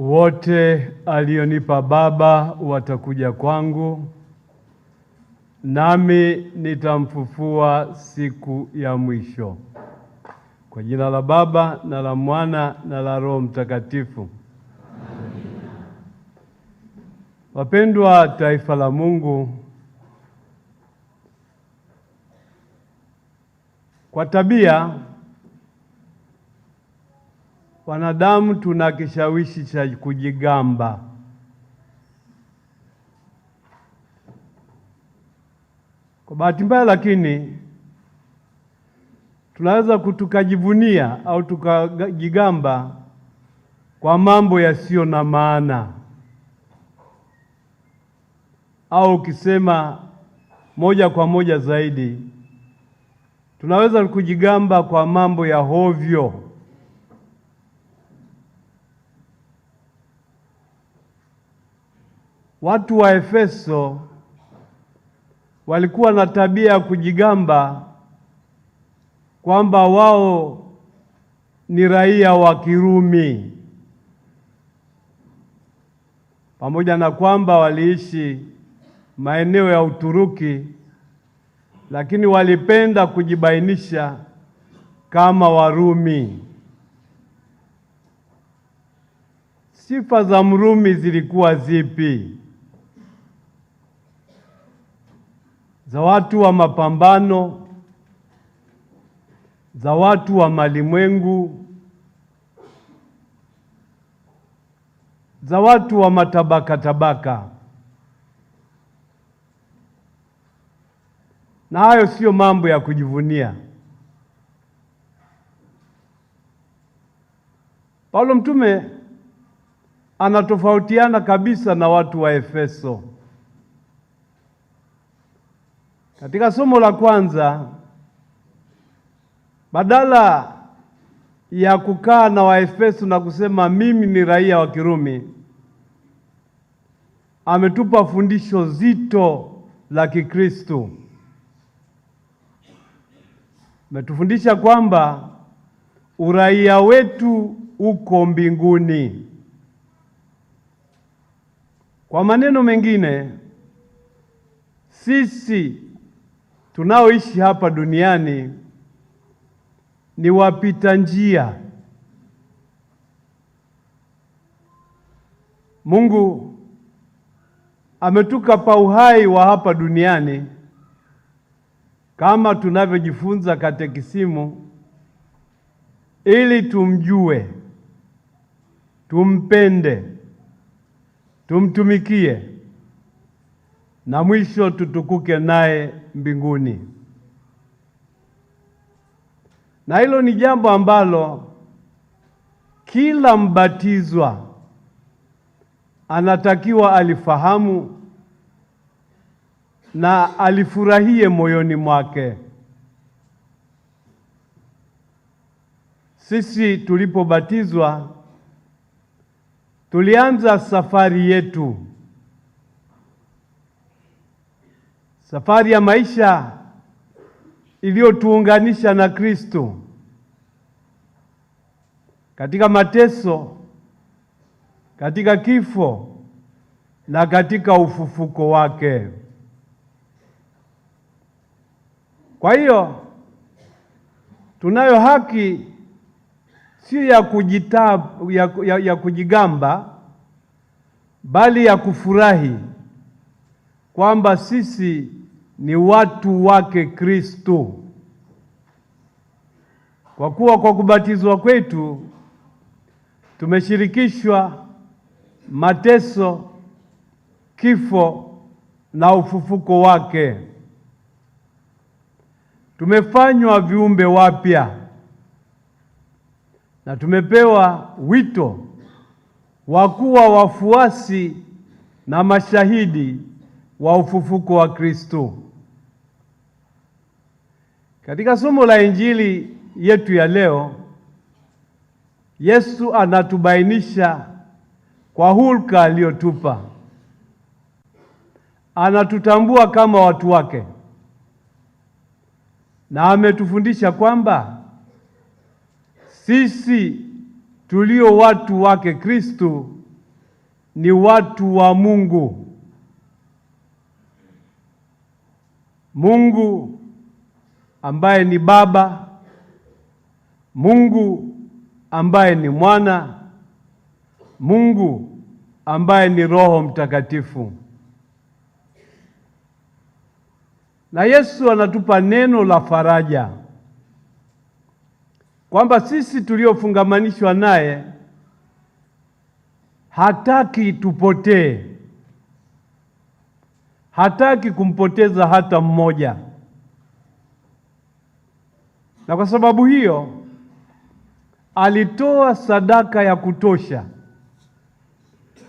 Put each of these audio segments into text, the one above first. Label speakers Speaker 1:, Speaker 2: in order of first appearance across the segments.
Speaker 1: Wote alionipa Baba watakuja kwangu, nami nitamfufua siku ya mwisho. Kwa jina la Baba na la Mwana na la Roho Mtakatifu. Amina. Wapendwa taifa la Mungu, kwa tabia Wanadamu tuna kishawishi cha kujigamba. Kwa bahati mbaya, lakini tunaweza tukajivunia au tukajigamba kwa mambo yasiyo na maana, au ukisema moja kwa moja zaidi, tunaweza kujigamba kwa mambo ya hovyo. Watu wa Efeso walikuwa na tabia ya kujigamba kwamba wao ni raia wa Kirumi, pamoja na kwamba waliishi maeneo ya Uturuki, lakini walipenda kujibainisha kama Warumi. Sifa za Mrumi zilikuwa zipi? za watu wa mapambano, za watu wa malimwengu, za watu wa matabaka tabaka. Na hayo siyo mambo ya kujivunia. Paulo mtume anatofautiana kabisa na watu wa Efeso. Katika somo la kwanza, badala ya kukaa na Waefeso na kusema mimi ni raia wa Kirumi, ametupa fundisho zito la Kikristo. Ametufundisha kwamba uraia wetu uko mbinguni. Kwa maneno mengine, sisi tunaoishi hapa duniani ni wapita njia. Mungu pa uhai wa hapa duniani kama tunavyojifunza katekisimu, ili tumjue, tumpende, tumtumikie na mwisho tutukuke naye mbinguni. Na hilo ni jambo ambalo kila mbatizwa anatakiwa alifahamu na alifurahie moyoni mwake. Sisi tulipobatizwa tulianza safari yetu safari ya maisha iliyotuunganisha na Kristo katika mateso, katika kifo na katika ufufuko wake. Kwa hiyo tunayo haki sio ya kujita, ya, ya, ya kujigamba bali ya kufurahi kwamba sisi ni watu wake Kristo, kwa kuwa kwa kubatizwa kwetu tumeshirikishwa mateso, kifo na ufufuko wake. Tumefanywa viumbe wapya na tumepewa wito wa kuwa wafuasi na mashahidi wa ufufuko wa Kristo. Katika somo la Injili yetu ya leo, Yesu anatubainisha kwa hulka aliyotupa. Anatutambua kama watu wake. Na ametufundisha kwamba sisi tulio watu wake Kristo ni watu wa Mungu. Mungu ambaye ni Baba, Mungu ambaye ni Mwana, Mungu ambaye ni Roho Mtakatifu. Na Yesu anatupa neno la faraja kwamba sisi tuliofungamanishwa naye hataki tupotee hataki kumpoteza hata mmoja, na kwa sababu hiyo alitoa sadaka ya kutosha,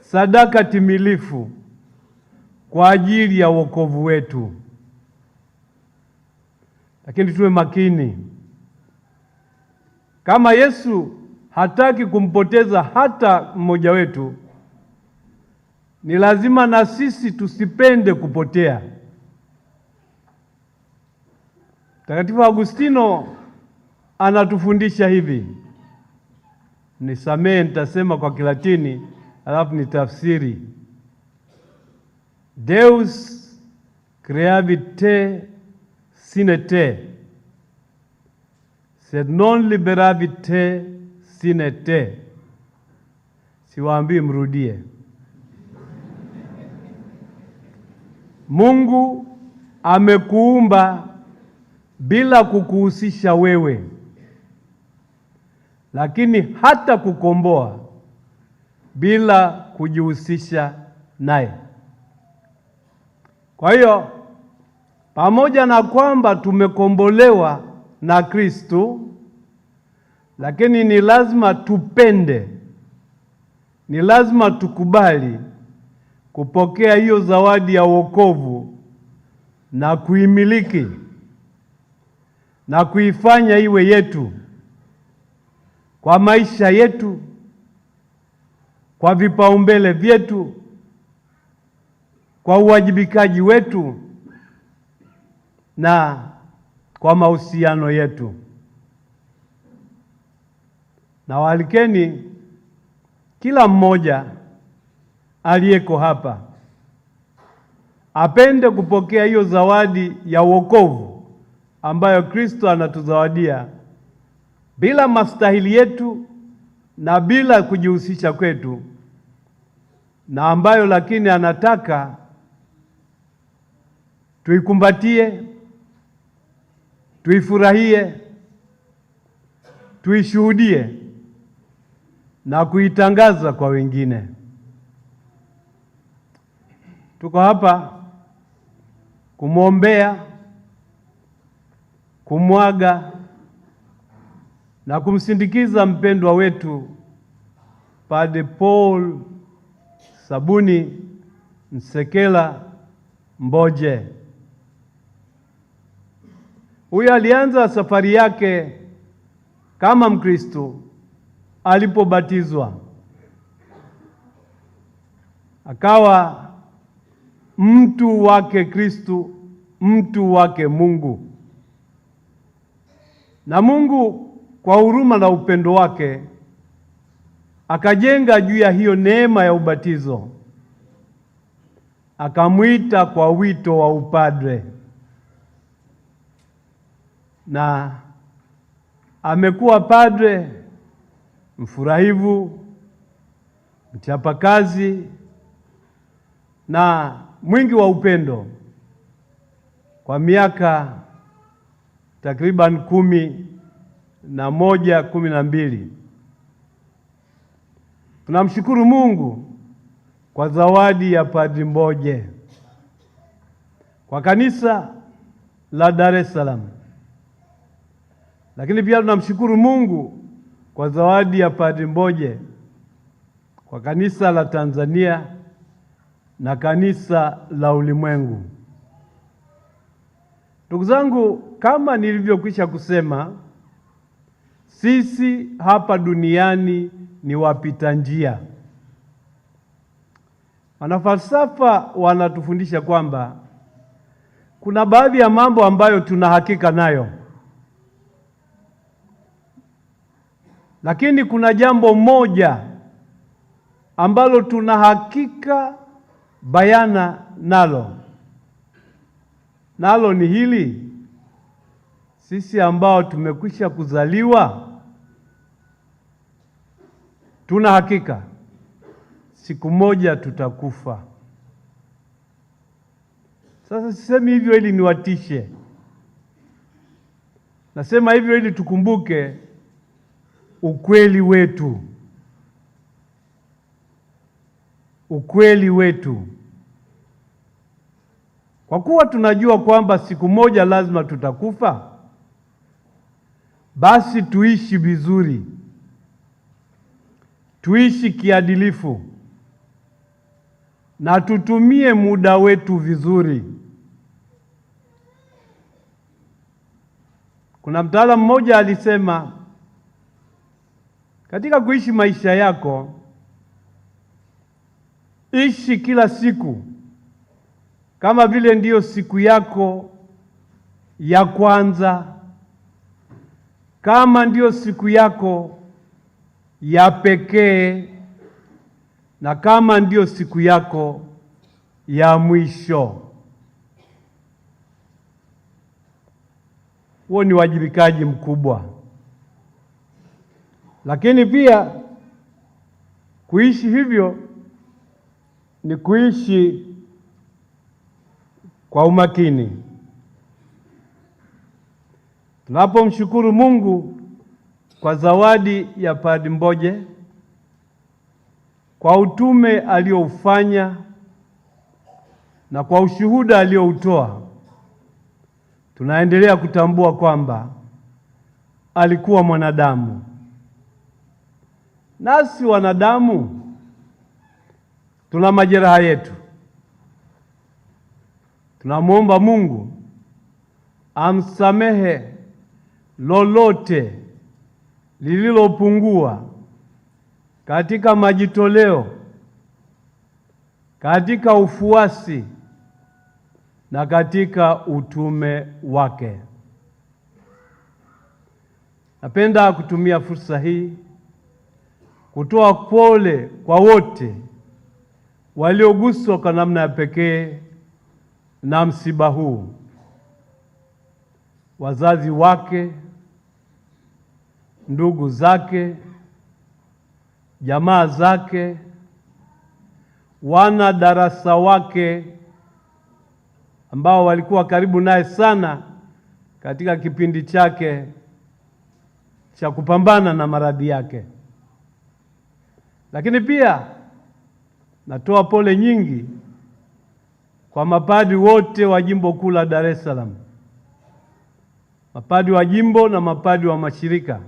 Speaker 1: sadaka timilifu kwa ajili ya wokovu wetu. Lakini tuwe makini, kama Yesu hataki kumpoteza hata mmoja wetu, ni lazima na sisi tusipende kupotea. Mtakatifu Agustino anatufundisha hivi, nisamee nitasema kwa Kilatini alafu nitafsiri: Deus creavit te sine te sed non liberavit te sine te. Siwaambii mrudie Mungu amekuumba bila kukuhusisha wewe, lakini hata kukomboa bila kujihusisha naye. Kwa hiyo pamoja na kwamba tumekombolewa na Kristo, lakini ni lazima tupende, ni lazima tukubali kupokea hiyo zawadi ya wokovu na kuimiliki na kuifanya iwe yetu kwa maisha yetu, kwa vipaumbele vyetu, kwa uwajibikaji wetu na kwa mahusiano yetu. Nawaalikeni kila mmoja aliyeko hapa apende kupokea hiyo zawadi ya wokovu ambayo Kristo anatuzawadia bila mastahili yetu na bila kujihusisha kwetu, na ambayo lakini anataka tuikumbatie, tuifurahie, tuishuhudie na kuitangaza kwa wengine. Tuko hapa kumwombea, kumwaga na kumsindikiza mpendwa wetu Padre Paul Sabuni Nsekela Mboje. Huyo alianza safari yake kama Mkristo alipobatizwa akawa mtu wake Kristu, mtu wake Mungu. Na Mungu kwa huruma na upendo wake akajenga juu ya hiyo neema ya ubatizo, akamwita kwa wito wa upadre, na amekuwa padre mfurahivu, mchapakazi na mwingi wa upendo. Kwa miaka takriban kumi na moja kumi na mbili tunamshukuru Mungu kwa zawadi ya Padri Mboje kwa kanisa la Dar es Salaam, lakini pia tunamshukuru Mungu kwa zawadi ya Padri Mboje kwa kanisa la Tanzania na kanisa la ulimwengu. Ndugu zangu, kama nilivyokwisha kusema, sisi hapa duniani ni wapita njia. Wanafalsafa wanatufundisha kwamba kuna baadhi ya mambo ambayo tuna hakika nayo, lakini kuna jambo moja ambalo tuna hakika bayana nalo, nalo ni hili: sisi ambao tumekwisha kuzaliwa tuna hakika siku moja tutakufa. Sasa sisemi hivyo ili niwatishe, nasema hivyo ili tukumbuke ukweli wetu. ukweli wetu, kwa kuwa tunajua kwamba siku moja lazima tutakufa, basi tuishi vizuri, tuishi kiadilifu na tutumie muda wetu vizuri. Kuna mtaalamu mmoja alisema, katika kuishi maisha yako Ishi kila siku kama vile ndiyo siku yako ya kwanza, kama ndiyo siku yako ya pekee, na kama ndiyo siku yako ya mwisho. Huo ni wajibikaji mkubwa, lakini pia kuishi hivyo ni kuishi kwa umakini. Tunapomshukuru Mungu kwa zawadi ya Padre Mboje, kwa utume alioufanya na kwa ushuhuda alioutoa, tunaendelea kutambua kwamba alikuwa mwanadamu, nasi wanadamu tuna majeraha yetu. Tunamwomba Mungu amsamehe lolote lililopungua katika majitoleo, katika ufuasi na katika utume wake. Napenda kutumia fursa hii kutoa pole kwa wote walioguswa kwa namna ya pekee na msiba huu, wazazi wake, ndugu zake, jamaa zake, wana darasa wake ambao walikuwa karibu naye sana katika kipindi chake cha kupambana na maradhi yake, lakini pia Natoa pole nyingi kwa mapadi wote wa Jimbo Kuu la Dar es Salaam, mapadi wa jimbo na mapadi wa mashirika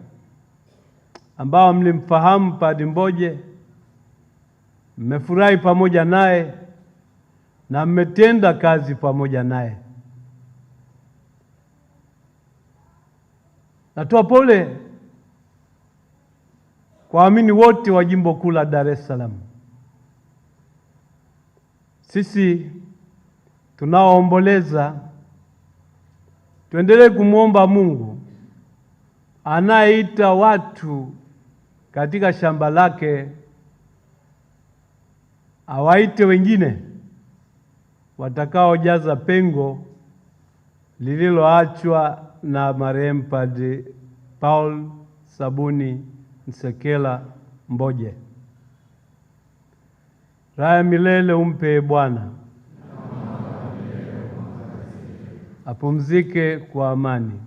Speaker 1: ambao mlimfahamu Padi Mboje, mmefurahi pamoja naye na mmetenda kazi pamoja naye. Natoa pole kwa waamini wote wa Jimbo Kuu la Dar es Salaam. Sisi tunaoomboleza tuendelee kumwomba Mungu anayeita watu katika shamba lake awaite wengine watakaojaza pengo lililoachwa na marehemu Padre Paul Sabuni Nsekela Mboje. Raha ya milele umpe Bwana, apumzike kwa amani.